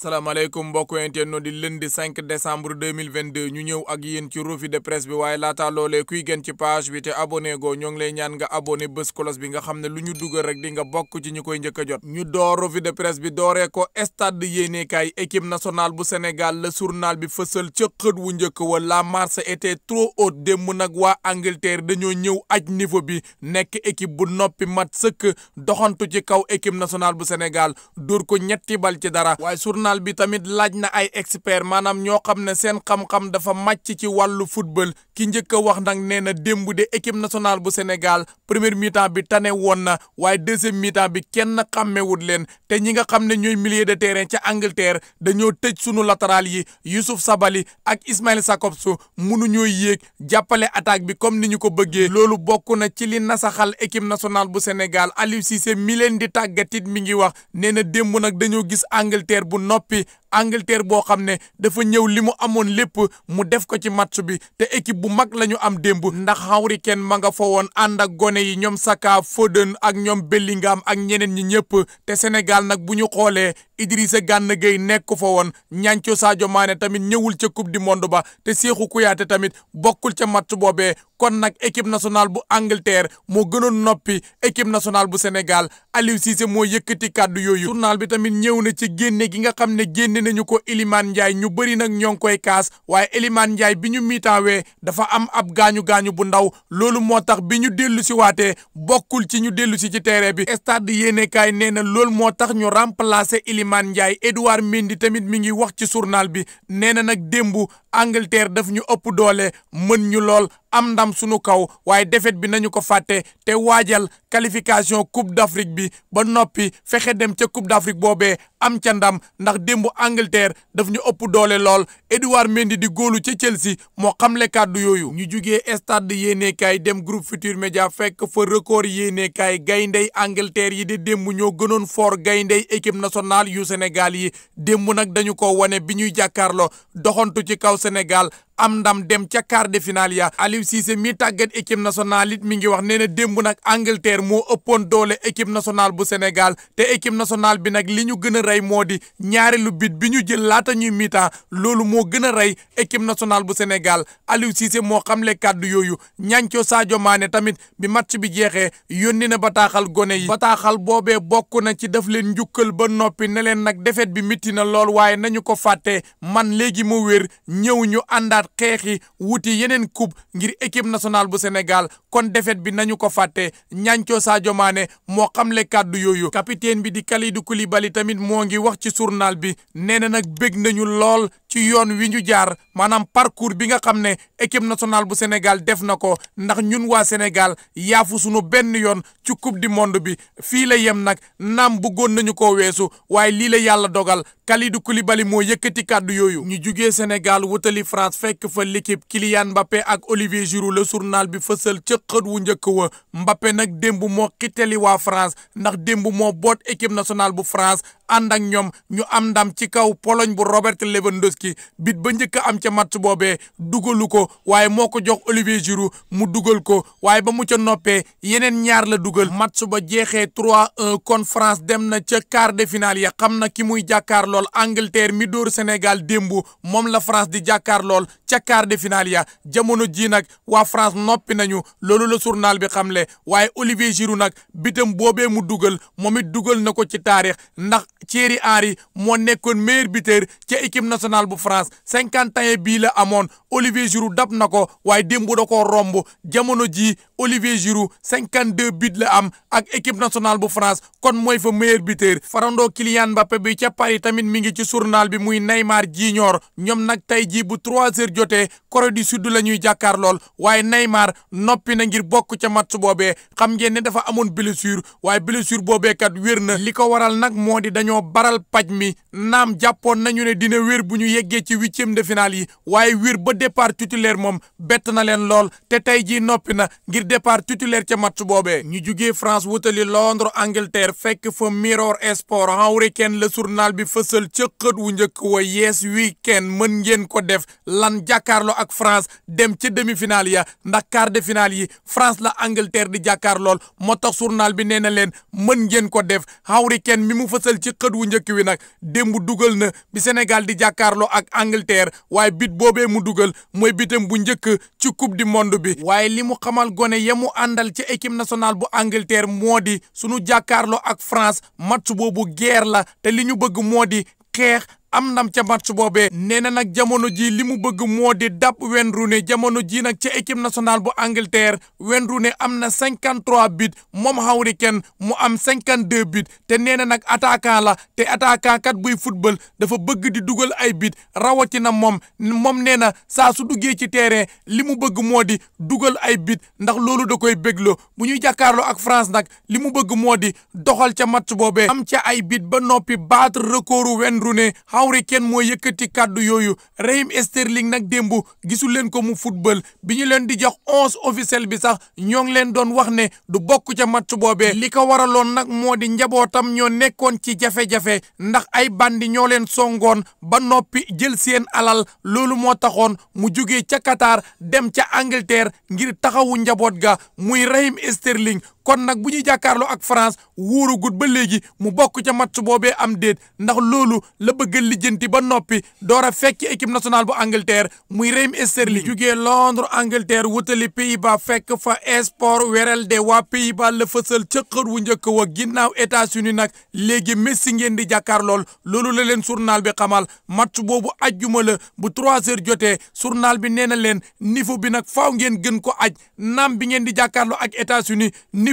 salaamaaleykum mbokk internet di lundi 5 décembre 2022 ñu ñëw ak yéen ci revue de presse bi waaye laata loolee kuy gën ci page bi te abonné go ñoo ngi ñaan nga abonné bés kolos bi nga xam ne lu ñu dugal rek di nga bokk ci ñu koy jëkk jot ñu door revue de presse bi dooree ko stade yéenekaay équipe nationale bu Sénégal la journal bi fësal ca xët wu njëkk wa la marche était trop haute démb nag waa Angleterre dañoo ñëw aj niveau bi nekk équipe bu noppi mat sëkk doxantu ci kaw équipe nationale bu Sénégal dóor ko ñetti bal journal bi tamit laaj na ay expert maanaam ñoo xam ne seen xam-xam dafa màcc ci wàllu football ki njëkk a wax nag nee na démb de équipe national bu Sénégal première mi-temps bi tane woon na waaye deuxième mi bi kenn xàmmewut leen te ñi nga xam ne ñooy milieu de terrain ci Angleterre dañoo tëj suñu latéral yi Youssouf Sabali ak Ismail su mënuñoo yéeg jàppale attaque bi comme ni ñu ko bëggee loolu bokk na ci li nasaxal équipe national bu Sénégal Aliou Cissé mi leen di tàggatit mi ngi wax nee nag dañoo gis noppi Angleterre boo xam ne dafa ñëw li mu amoon lépp mu def ko ci match bi te équipe bu mag la ñu am démb ndax Harry Kane ma nga fa woon ànd ak gone yi ñoom Saka Foden ak ñoom Bellingham ak ñeneen ñi ñëpp te Sénégal nag bu ñu xoolee Idrissa Gana Gueye nekk fa woon ñanco Sadio maane tamit ñëwul ca coupe di monde ba te Cheikhou Kouyaté tamit bokkul ca match boobee kon nag équipe national bu Angleterre moo gënoon noppi équipe national bu Sénégal Aliou Cissé moo yëkkati kàddu yooyu journal bi tamit ñëw na ci génne gi nga xam ne génne indi nañu ko Elimane Ndiaye ñu bëri nag ñoo koy kaas waaye Elimane Ndiaye bi ñu miitaawee dafa am ab gaañu gaañu bu ndaw loolu moo tax bi ñu dellu waatee bokkul ci ñu dellu si ci terrain bi stade yéenekaay nee na lool moo tax ñu remplacer Elimane Ndiaye Edouard Mendy tamit mi ngi wax ci journal bi nee na nag démb Angleterre daf ñu ëpp doole mën ñu lool am ndam suñu kaw waaye défaite bi nañu ko fàtte te waajal qualification coupe d'Afrique bi ba noppi fexe dem ca coupe d'Afrique boobee am ca ndam ndax démb Angleterre daf ñu ëpp doole lool Edouard Mendy di góolu ca Chelsea moo xamle kàddu yooyu. ñu jugee stade yéenekaay dem groupe Futurs Médias fekk fa record yéenekaay gayndey Angleterre yi di démb ñoo gënoon foor gayndey équipe nationale yu Sénégal yi démb nag dañu ko wane bi ñuy jàkkaarloo doxantu ci kaw. Sénégal am ndam dem ca quart de finale ya Aliou Cissé mi tàgget équipe nationale it mi ngi wax nee na démb nag Angleterre moo ëppoon doole équipe national bu Sénégal te équipe national bi nag li ñu gën a rey moo di ñaareelu bit bi ñu jël laata ñuy miita loolu moo gën a rey équipe national bu Sénégal Aliou Cissé moo xamle kàddu yooyu ñancoo Sadio maane tamit bi match bi jeexee yónni na bataaxal gone yi bataaxal boobe bokk na ci def leen njukkal ba noppi ne leen nag defet bi mitti na lool waaye nañu ko fàtte man léegi mu wér ñëw ñu àndaat xeexi wuti yeneen coupe ngir équipe national bu Sénégal kon defet bi nañu ko fàtte ñancoo Sadio Mané moo xamle kàddu yooyu capitaine bi di Kalidou Koulibaly tamit moo ngi wax ci surnal bi nee na nag bég nañu lool ci yoon wi ñu jaar maanaam parcours bi nga xam ne équipe nationale bu Sénégal def na ko ndax ñun waa Sénégal yaafu sunu benn yoon ci coupe du monde bi fii la yem nag naam bëggoon nañu ko weesu waaye lii la yàlla dogal Kalidou Koulibaly moo yëkkati kàddu yooyu. ñu jugee Sénégal wutali France fekk fa l'équipe Kylian Mbappé ak Olivier Giroud la journal bi fësal ca wu njëkk wa mbappe nag démb moo xitali waa France ndax demb moo boot équipe nationale bu France. ànd ak ñoom ñu am ndam ci kaw Pologne bu Robert Lewandowski bit ba njëkk a am ca match boobee dugalu ko waaye moo ko jox Olivier Giroud mu dugal ko waaye ba mu ca noppee yeneen ñaar la dugal match ba jeexee trois 1 kon France dem na ca quart de finale ya xam na ki muy jàkkaar lool Angleterre mi dóor Sénégal démb moom la France di jàkkaar lool ca quart de finale ya jamono ji nag waa France noppi nañu loolu la journal bi xam le waaye Olivier Giroud nag bitam boobee mu dugal moom it dugal na ko ci taarix ndax Thierry Henry moo nekkoon meilleur buteur ca équipe nationale bu France cinquante et un bii la amoon Olivier Giroud dab na ko waaye démb da koo romb jamono jii Olivier Giroud 52 buts la am ak équipe nationale bu France kon mooy fa meilleur buteur farandoo Kylian Mbappé bi ca Paris tamit mi ngi ci journal bi muy Neymar Junior ñoom nag tey jii bu trois heures jotee Corée du Sud la ñuy jàkkaar lool waaye Neymar noppi na ngir bokk ca match boobee xam ngeen ne dafa amoon blessure waaye blessure boobee kat wér na li ko waral nag moo di dañoo baral paj mi naam jàppoon nañu ne dina wér bu ñu yeggee ci huitième de yi waaye wér ba départ titulaire moom bett na leen lool te tey jii noppi na départ titulaire ca match boobee ñu jugee France wutali Londres Angleterre fekk fa Mirror Sport Harry Kane la journal bi fësal ca xët wu njëkk wa yees weekend mën ngeen ko def lan jàkkaarloo ak France dem ci demi-finale ya ndax quart de finale yi France la Angleterre di jàkkaarlool moo tax journal bi nee na leen mën ngeen ko def Harry Kane mi mu fësal ci xët wu njëkk wi nag démb dugal na bi Sénégal di jàkkaarloo ak Angleterre waaye bit boobee mu dugal mooy bitam bu njëkk ci coupe du bi yemu àndal ci équipe nationale bu Angleterre moo di sunu jàkkaarloo ak France match boobu guerre la te li ñu bëgg moo di xeex am ndam ca match boobee nee na nag jamono ji li mu bëgg moo di dab Wayne Rooney jamono ji nag ca équipe nationale bu Angleterre Wayne am na 53 bit moom Harry kenn mu am cinquante 52 bit te nee na nag attaquant la te attaquant kat buy football dafa bëgg di dugal ay bit rawatina moom moom nee na saa su duggee ci terrain li mu bëgg moo di dugal ay bit ndax loolu da koy bégloo bu ñuy jàkkaarloo ak France nag li mu bëgg moo di doxal ca match boobee am ca ay bit ba noppi battre recordu Wayne Rooney Henry Kane moo yëkkati kàddu yooyu Raheem esterling nag démb gisu leen ko mu football bi ñu leen di jox onze officiel bi sax ñoo ngi leen doon wax ne du bokk ca match boobee li ko waraloon nag moo di njabootam ñoo nekkoon ci jafe-jafe ndax ay bandi ñoo leen songoon ba noppi jël seen alal loolu moo taxoon mu jóge ca katar dem ca Angleterre ngir taxawu njaboot ga muy Raheem Sterling kon nag bu ñuy jàkkaarloo ak France wóoragut ba léegi mu bokk ca match boobee am déet ndax loolu la bëgg lijjanti ba noppi door a fekk équipe nationale bu Angleterre muy Raheem Sterling hmm. jugee Londres Angleterre wutali Pays-Bas fekk fa Esport werel de waa Pays-Bas la fësal wu njëkk wa ginnaaw États-Unis nag léegi Messi ngeen di jàkkaarlool loolu la leen journal bi xamal match boobu ajjuma la bu trois heures jotee journal bi nee na leen niveau bi nag faaw ngeen gën ko aj naam bi ngeen di jàkkaarloo ak états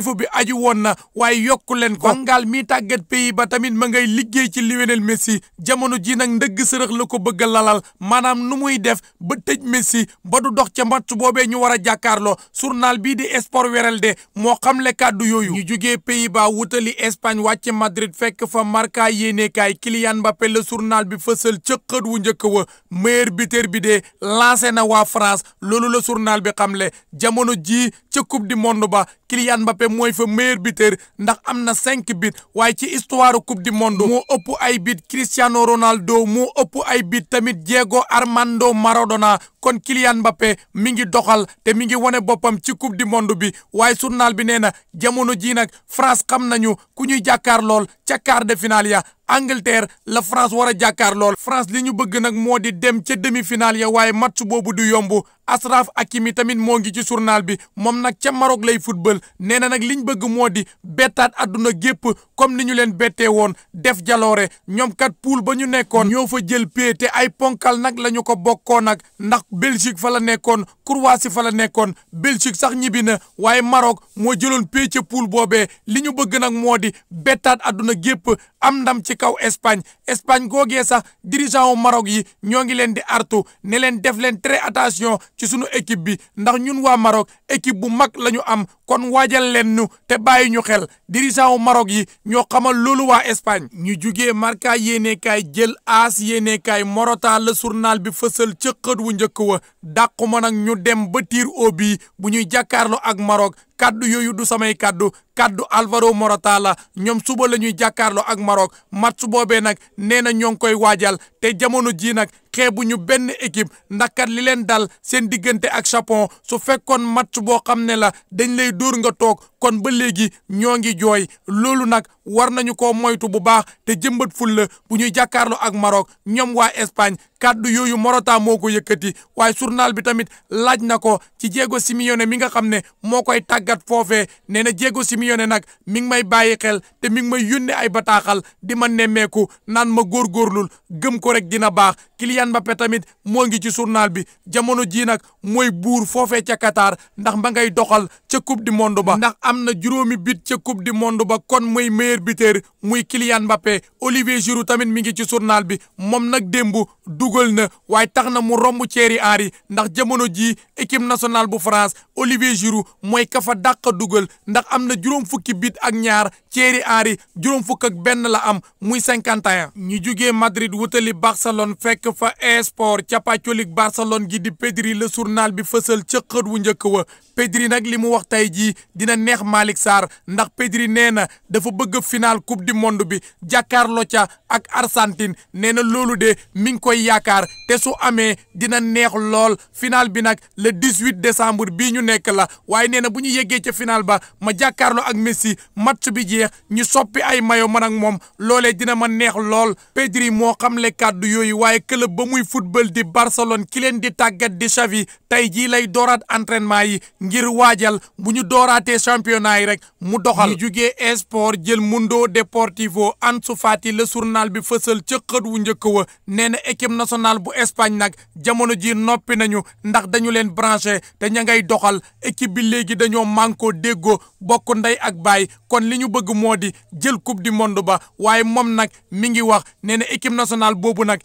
niveau bi aju woon na waaye yokku leen ko Vangal mi tàggat pays ba tamit ma ngay liggéey ci Lionel Messi jamono ji nag ndëgg sërëx la ko bëgg a lalal maanaam nu muy def ba tëj Messi ba du dox ca match boobee ñu war a jàkkaarloo journal bii di sport weral de moo xamle kàddu yooyu ñu jugee pays ba wutali Espagne wàcc Madrid fekk fa marka yéenekaay Kylian Mbappé la journal bi fësal ca xët wu njëkk wa meilleur buteur bi de lancé na waa France loolu la journal bi xamle jamono ji ca coupe du ba Kylian Mbappé mooy fa meilleur buteur ndax am na cinq bit waaye ci histoire coupe du monde moo ëpp ay bit Cristiano Ronaldo moo ëpp ay bit tamit Diego Armando Maradona kon Kylian Mbappé mi ngi doxal te mi ngi wane boppam ci coupe di monde bi waaye journal bi nee na jamono jii nag France xam nañu ku ñuy jàkkaar lool ca quart de finale ya Angleterre la France war a jàkkaar lool France li ñu bëgg nag moo di dem ca demi-finale ya waaye match boobu du yomb Asraf Hakimi tamit moo ngi ci journal bi moom nag ca Maroc lay football nee na nag li ñu bëgg moo di bettaat àdduna gépp comme ni ñu leen bettee woon def jaloore ñoom kat poule ba ñu nekkoon ñoo fa jël pie ay ponkal nag la ñu ko bokkoon nag ndax Belgique fa la nekkoon Croatie fa la nekkoon Belgique sax ñibbi na waaye Maroc moo jëloon pee ca poule boobee li ñu bëgg nag moo di bettaat àdduna gépp am ndam ci kaw Espagne Espagne googee sax dirigeant wu Maroc yi ñoo ngi leen di artu ne leen def leen très attention ci sunu équipe bi ndax ñun waa Maroc équipe bu mag la ñu am kon waajal leen nu te bàyyi ñu xel dirigeant wu Maroc yi ñoo xamal loolu waa Espagne ñu jugee Marca yéenekaay jël AS yéenekaay morota la journal bi fësal ca xët wu njëkk wa dàqu ma nag ñu dem ba tir au but bu ñuy jàkkaarloo ak Maroc kàddu yooyu du samay kàddu kàddu Alvaro Morata la ñoom suba la ñuy jàkkaarloo ak Maroc match boobee nag nee na ñoo ngi koy waajal te jamono jii nag xeebu ñu benn équipe ndax li leen dal seen diggante ak sapon su fekkoon match boo xam ne la dañ lay dóor nga toog kon ba léegi ñoo ngi jooy loolu nag war nañu ko moytu bu baax te jëmbat ful la bu ñuy jàkkaarloo ak Maroc ñoom waa Espagne. kàddu yooyu Morata moo ko yëkkati waaye journal bi tamit laaj na ko ci Diego Simeone mi nga xam ne moo koy tàggat foofee nee na Diego Simeone nag mi ngi may bàyyi xel te mi ngi may yónnee ay bataaxal di ma nemmeeku naan ma góor góorgóorlul gëm ko rek dina baax Kylian bappe tamit moo ngi ci journal bi jamono ji nag mooy buur foofee ca Qatar ndax ba ngay doxal ca coupe di monde ba ndax am na juróomi but ca coupe di monde ba kon mooy meilleur buteur muy Kylian Mbappé Olivier Giroud tamit mu ngi ci journal bi moom nag démb dugal na waaye tax na mu romb Thierry Henry ndax jamono ji équipe nationale bu France Olivier Giroud mooy ka fa dàq dugal ndax am na juróom fukki bit ak ñaar Thierry Henry juróom fukk ak benn la am muy cinquante et un ñu jugee Madrid wutali Barcelone fekk fekk fa esport capacolik Barcelone gi di Pedri le journal bi fësal ca xët wu njëkk wa Pedri nag li mu wax tey jii dina neex Malick Sarr ndax Pedri nee na dafa bëgg final coupe di monde bi jàkkaarloo ca ak arsantine nee na loolu de mi ngi koy yaakaar te su amee dina neex lool final bi nag le 18 décembre bii ñu nekk la waaye nee na bu ñu yeggee ca final ba ma jàkkaarloo ak Messi match bi jeex ñu soppi ay mayo man ak moom loolee dina ma neex lool Pedri moo xamle kàddu yooyu club ba muy football di Barcelone ki leen di tàggat di Xavi tey jii lay dooraat entraînement yi ngir waajal bu ñu dooraatee championnat yi rek mu doxal. juge jugee esport jël Mundo Deportivo en Fati la journal bi fësal ca xët wu njëkk wa nee na équipe nationale bu Espagne nag jamono ji noppi nañu ndax dañu leen branché te ña ngay doxal équipe bi léegi dañoo manko déggoo bokk ndey ak baay kon li ñu bëgg moo di jël coupe du monde ba waaye moom nag mi ngi wax nee nationale boobu nag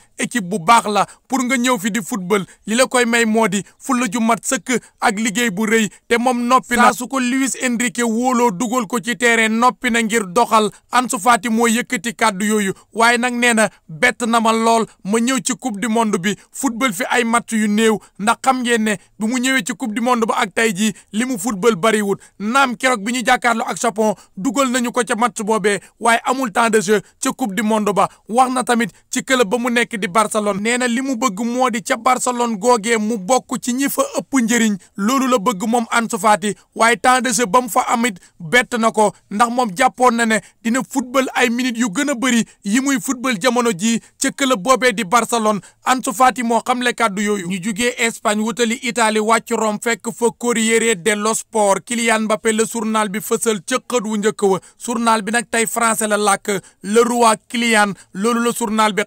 baax la pour nga ñëw fi di football li la koy may moo di la ju mat sëkk ak liggéey bu rëy te moom noppi na su ko Luis Enrique wóoloo dugal ko ci terrain noppi na ngir doxal Ansu Fati moo yëkkati kàddu yooyu waaye nag nee na bett na ma lool ma ñëw ci coupe du monde bi football fi ay match yu néew ndax xam ngeen ne bi mu ñëwee ci coupe du monde ba ak tey jii li mu football bariwul naam keroog bi ñu jàkkaarloo ak Japon dugal nañu ko ca match boobee waaye amul temps de jeu ca coupe du monde ba wax na tamit ci club ba mu nekk di Barcelone Barcelone nee na li mu bëgg moo di ca Barcelone googe mu bokk ci ñi fa ëpp njëriñ loolu la bëgg moom Ansu Fati waaye temps de jeu ba mu fa amit bett na ko ndax moom jàppoon na ne dina football ay minutes yu gën a bëri yi muy football jamono ji ca club boobee di Barcelone Ansu Fati moo xamle kàddu yooyu. ñu jugee Espagne wutali Italie wàcc Rome fekk fa Corriere dello Sport Kylian Mbappé la journal bi fësal ca xët wu njëkk wa journal bi nag tey français la lakk le roi Kylian loolu la journal bi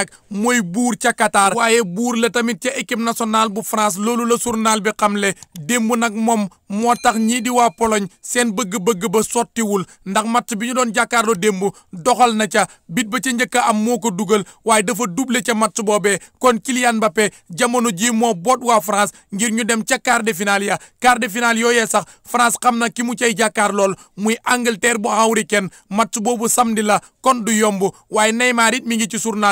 nag mooy buur ca Qatar waaye buur la tamit ca équipe nationale bu France loolu la journal bi xamle démb nag moom moo tax ñii di waa Pologne seen bëgg-bëgg ba sottiwul ndax match bi ñu doon jàkkaarloo démb doxal na ca bit ba ca njëkk am moo ko dugal waaye dafa doublé ca match boobee kon Kylian Mbappé jamono jii moo boot waa France ngir ñu dem ca quart de finale ya quart de finale yooyee sax France xam na ki mu cay jàkkaar muy Angleterre bu Harry Kane boobu samedi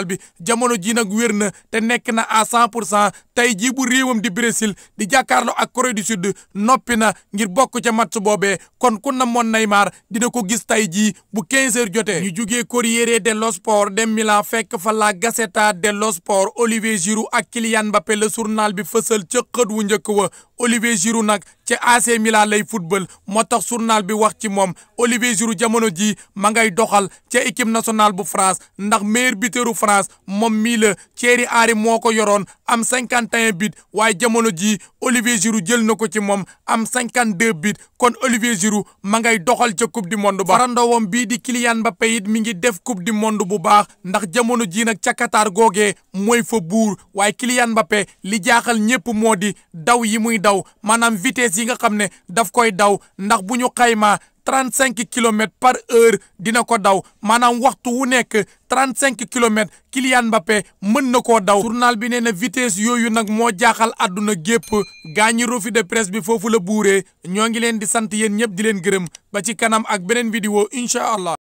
bi jamono ji nag wér na te nekk na à cent pour cent tey jii bu réewam di Brésil di jàkkaarloo ak Corée du Sud noppi na ngir bokk ca match boobe kon ku namoon Neymar dina ko gis tey jii bu quinze heures jotee. ñu jugee Corriere dello Sport dem Milan fekk fa la Gazzetta dello Sport Olivier Giroud ak Kylian Mbappé la journal bi fësal ca xët wu njëkk wa Olivier Giroud nag ci AC Milan lay football moo tax bi wax ci moom Olivier Giroud jamono jii ma ngay doxal ca équipe nationale bu France ndax meilleur buteuru France moom mii la Thierry Henry moo ko yoroon am cinquante et un waaye jamono jii Olivier Giroud jël na ko ci moom am cinquante deux but kon Olivier Giroud ma ngay doxal ca coupe du monde ba farandoowam bii di Kylian Mbappé it mi ngi def coupe du monde bu baax ndax jamono jii nag ca Qatar googee mooy fa buur waaye kiliyan Mbappé li jaaxal ñëpp moo di daw yi muy daw maanaam vitesse yi nga xam ne daf koy daw ndax bu ñu xayma trente cinq kilomètres par heure dina ko daw maanaam waxtu wu nekk trente cinq kilomètres Kylian Mbappé mën na ko daw. journal bi nee na vitesse yooyu nag moo jaaxal àdduna gépp gaañi rofi de presse bi foofu la buuree ñoo ngi leen di sant yéen ñëpp di leen gërëm ba ci kanam ak beneen vidéo incha allah.